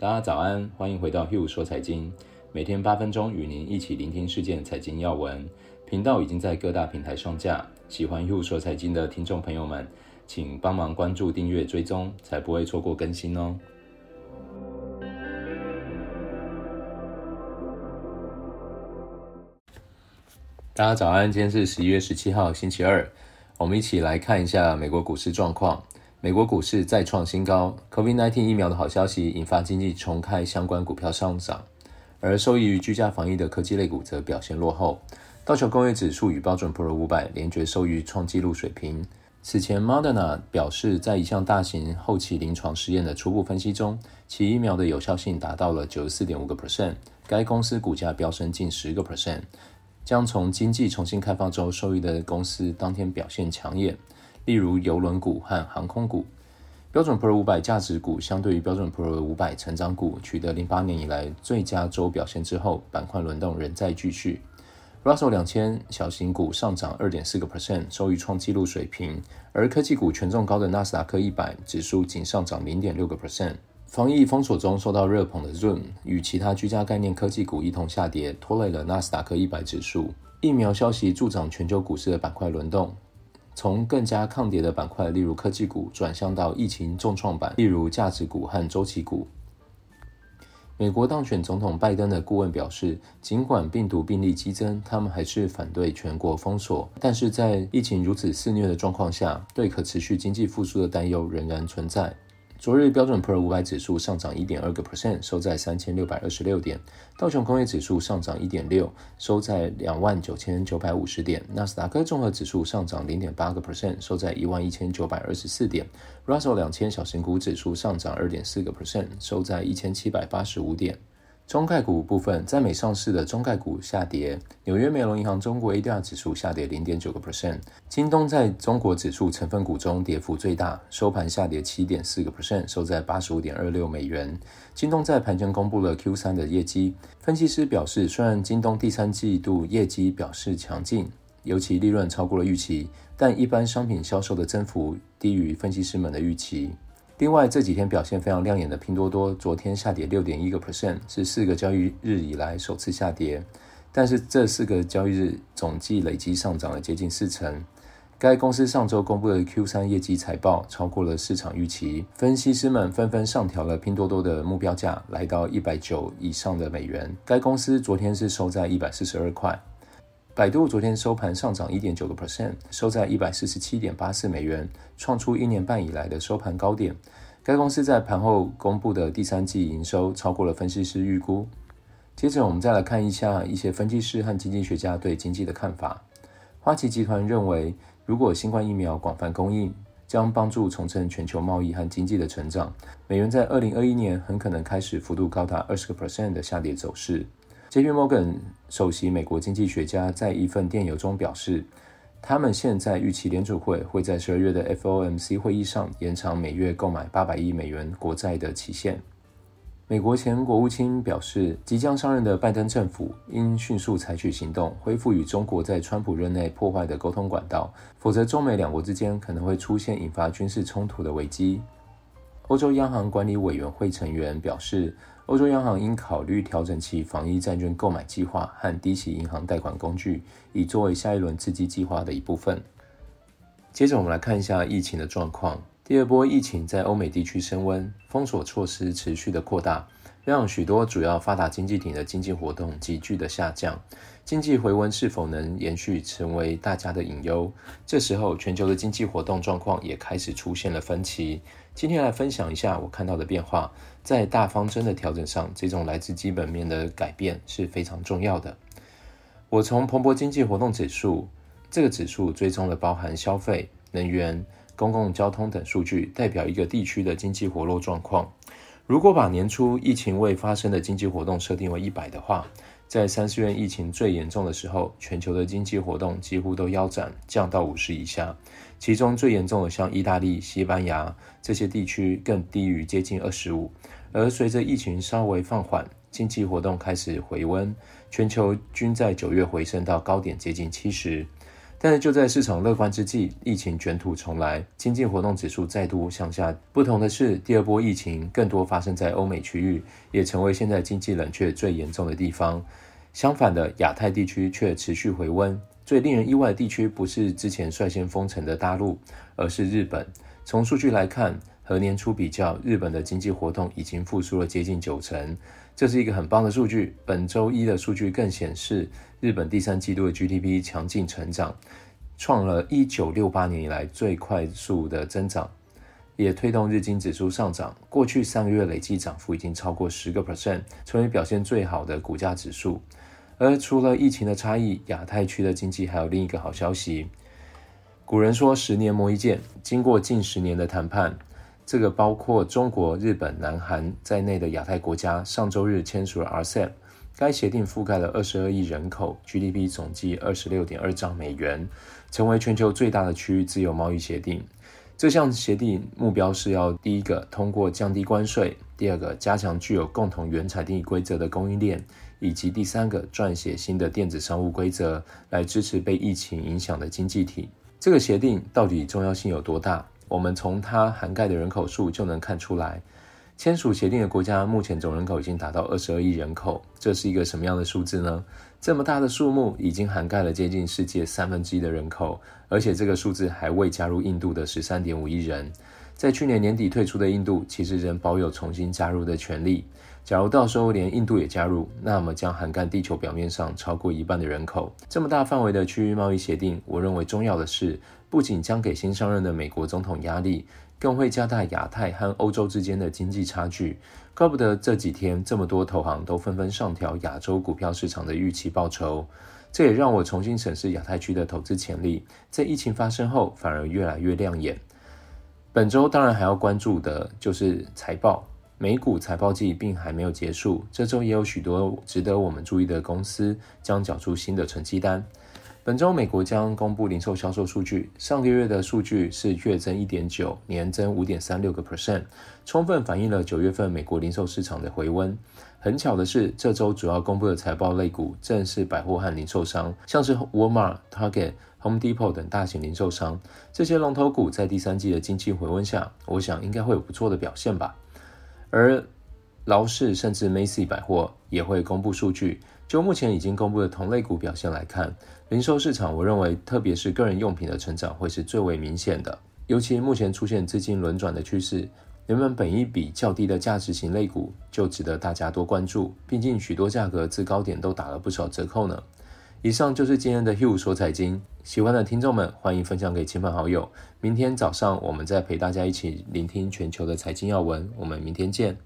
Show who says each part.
Speaker 1: 大家早安，歡迎回到 Hugh 說財經，每天八分鐘與您一起聆聽事件財經要聞。頻道已經在各大平台上架，喜歡 Hugh 說財經的聽眾朋友們，請幫忙關注、訂閱、追蹤，才不會錯過更新哦。大家早安，今天是十一月十七號，星期二，我們一起來看一下美國股市狀況。美國股市再創新高，COVID-19 疫苗的好消息引發經濟重開，相關股票上漲，而受益於居家防疫的科技類股則表現落後。道瓊工業指數與標準普爾五百連絕收於創紀錄水平。此前，Moderna 表示，在一項大型後期臨床實驗的初步分析中，其疫苗的有效性達到了94.5個 percent。該公司股價飆升近10個 percent。將從經濟重新開放中受益的公司當天表現搶眼。例如郵輪股和航空股，標準普爾五百價值股相對於標準普爾五百成長股取得零八年以來最佳周表現之後，板塊輪動仍在繼續。Russell 兩千小型股上漲二點四個 percent，收於創紀錄水平，而科技股權重高的納斯達克一百指數僅上漲零點六個 percent。防疫封鎖中受到熱捧的 Zoom 與其他居家概念科技股一同下跌，拖累了納斯達克一百指數。疫苗消息助長全球股市的板塊輪動。從更加抗跌的板塊，例如科技股，轉向到疫情重創板，例如價值股和周期股。美國當選總統拜登的顧問表示，儘管病毒病例激增，他們還是反對全國封鎖，但是在疫情如此肆虐的狀況下，對可持續經濟復甦的擔憂仍然存在。昨日，標準普爾五百指數上漲一點二個 percent，收在三千六百二十六點；道瓊工業指數上漲一點六，收在兩萬九千九百五十點；納斯達克綜合指數上漲零點八個 percent，收在一萬一千九百二十四點；Russell 兩千小型股指數上漲二點四個 percent，收在一千七百八十五點。中概股部分，在美上市的中概股下跌，紐約梅隆銀行中國 ADR 指數下跌零點九個 percent。京東在中國指數成分股中跌幅最大，收盤下跌七點四個 percent，收在八十五點二六美元。京東在盤前公布了 Q 三的業績，分析師表示，雖然京東第三季度業績表示強勁，尤其利潤超過了預期，但一般商品銷售的增幅低於分析師們的預期。另外這幾天表現非常亮眼的拼多多，昨天下跌六點一個 percent，是四個交易日以來首次下跌。但是這四個交易日總計累計上漲了接近四成。該公司上周公布的 Q3 業績財報超過了市場預期，分析師們紛紛上調了拼多多的目標價，來到一百九以上的美元。該公司昨天是收在一百四十二塊。百度昨天收盤上漲一點九個 percent，收在一百四十七點八四美元，創出一年半以來的收盤高點。該公司在盤後公布的第三季營收超過了分析師預估。接着，我們再來看一下一些分析師和經濟學家對經濟的看法。花旗集團認為，如果新冠疫苗廣泛供應，將幫助重振全球貿易和經濟的成長。美元在二零二一年很可能開始幅度高達二十個 percent 的下跌走勢。JP Morgan 首席美國經濟學家在一份電郵中表示，他們現在預期聯儲會會在十二月的 FOMC 會議上延長每月購買八百億美元國債的期限。美國前國務卿表示，即將上任的拜登政府應迅速採取行動，恢復與中國在川普任內破壞的溝通管道，否則中美兩國之間可能會出現引發軍事衝突的危機。歐洲央行管理委員會成員表示，歐洲央行應考慮調整其防疫債券購買計劃和低息銀行貸款工具，以作為下一輪刺激計劃的一部分。接着，我們來看一下疫情的狀況。第二波疫情在歐美地區升溫，封鎖措施持續的擴大。讓許多主要發達經濟體的經濟活動急劇的下降，經濟回溫是否能延續，成為大家的隱憂。這時候，全球的經濟活動狀況也開始出現了分歧。今天來分享一下我看到的變化，在大方針的調整上，這種來自基本面的改變是非常重要的。我從彭博經濟活動指數，這個指數追蹤了包含消費、能源、公共交通等數據，代表一個地區的經濟活絡狀況。如果把年初疫情未發生的經濟活動設定為一百的話，在三四月疫情最嚴重的時候，全球的經濟活動幾乎都腰斬，降到五十以下。其中最嚴重的像意大利、西班牙這些地區，更低於接近二十五。而隨着疫情稍微放緩，經濟活動開始回溫，全球均在九月回升到高點，接近七十。但是就在市場樂觀之際，疫情捲土重來，經濟活動指數再度向下。不同的是，第二波疫情更多發生在歐美區域，也成為現在經濟冷卻最嚴重的地方。相反的，亞太地區卻持續回溫。最令人意外的地區不是之前率先封城的大陸，而是日本。從數據來看，和年初比較，日本的經濟活動已經復甦了接近九成。這是一個很棒的數據。本周一的數據更顯示，日本第三季度的 GDP 強勁成長，創了一九六八年以來最快速的增長，也推動日經指數上漲。過去三個月累計漲幅已經超過十個 percent，成為表現最好的股價指數。而除了疫情的差異，亞太區的經濟還有另一個好消息。古人說“十年磨一劍”，經過近十年的談判。這個包括中國、日本、南韓在內的亞太國家上週日簽署了 RCEP，該協定覆蓋了二十二億人口，GDP 總計二十六點二兆美元，成為全球最大的區域自由貿易協定。這項協定目標是要第一個通過降低關稅，第二個加強具有共同原產地規則的供應鏈，以及第三個撰寫新的電子商務規則來支持被疫情影響的經濟體。這個協定到底重要性有多大？我們從它涵蓋的人口數就能看出來，簽署協定的國家目前總人口已經達到二十二億人口。這是一個什麼樣的數字呢？這麼大的數目已經涵蓋了接近世界三分之一的人口，而且這個數字還未加入印度的十三點五億人。在去年年底退出的印度，其實仍保有重新加入的權利。假如到時候連印度也加入，那麼將涵蓋地球表面上超過一半的人口。這麼大範圍的區域貿易協定，我認為重要的是，不僅將給新上任的美國總統壓力，更會加大亞太和歐洲之間的經濟差距。怪不得這幾天這麼多投行都紛紛上調亞洲股票市場的預期報酬。這也讓我重新審視亞太區的投資潛力，在疫情發生後反而越來越亮眼。本周當然還要關注的就是財報。美股財報季並還沒有結束，這周也有許多值得我們注意的公司將繳出新的成績單。本周美國將公布零售銷售數據，上個月的數據是月增一點九，年增五點三六個 percent，充分反映了九月份美國零售市場的回溫。很巧的是，這周主要公布的財報類股正是百貨和零售商，像是 Walmart、Target、Home Depot 等大型零售商。這些龍頭股在第三季的經濟回溫下，我想應該會有不錯的表現吧。而勞氏甚至 Macy 百貨也會公布數據。就目前已經公布的同類股表現來看，零售市場我認為特別是個人用品的成長會是最為明顯的。尤其目前出現資金輪轉的趨勢，人們本益比較低的價值型類股就值得大家多關注。畢竟許多價格自高點都打了不少折扣呢。以上就是今天的 Hill 說財經，喜歡的聽眾們歡迎分享給親朋好友。明天早上我們再陪大家一起聆聽全球的財經要聞，我們明天見。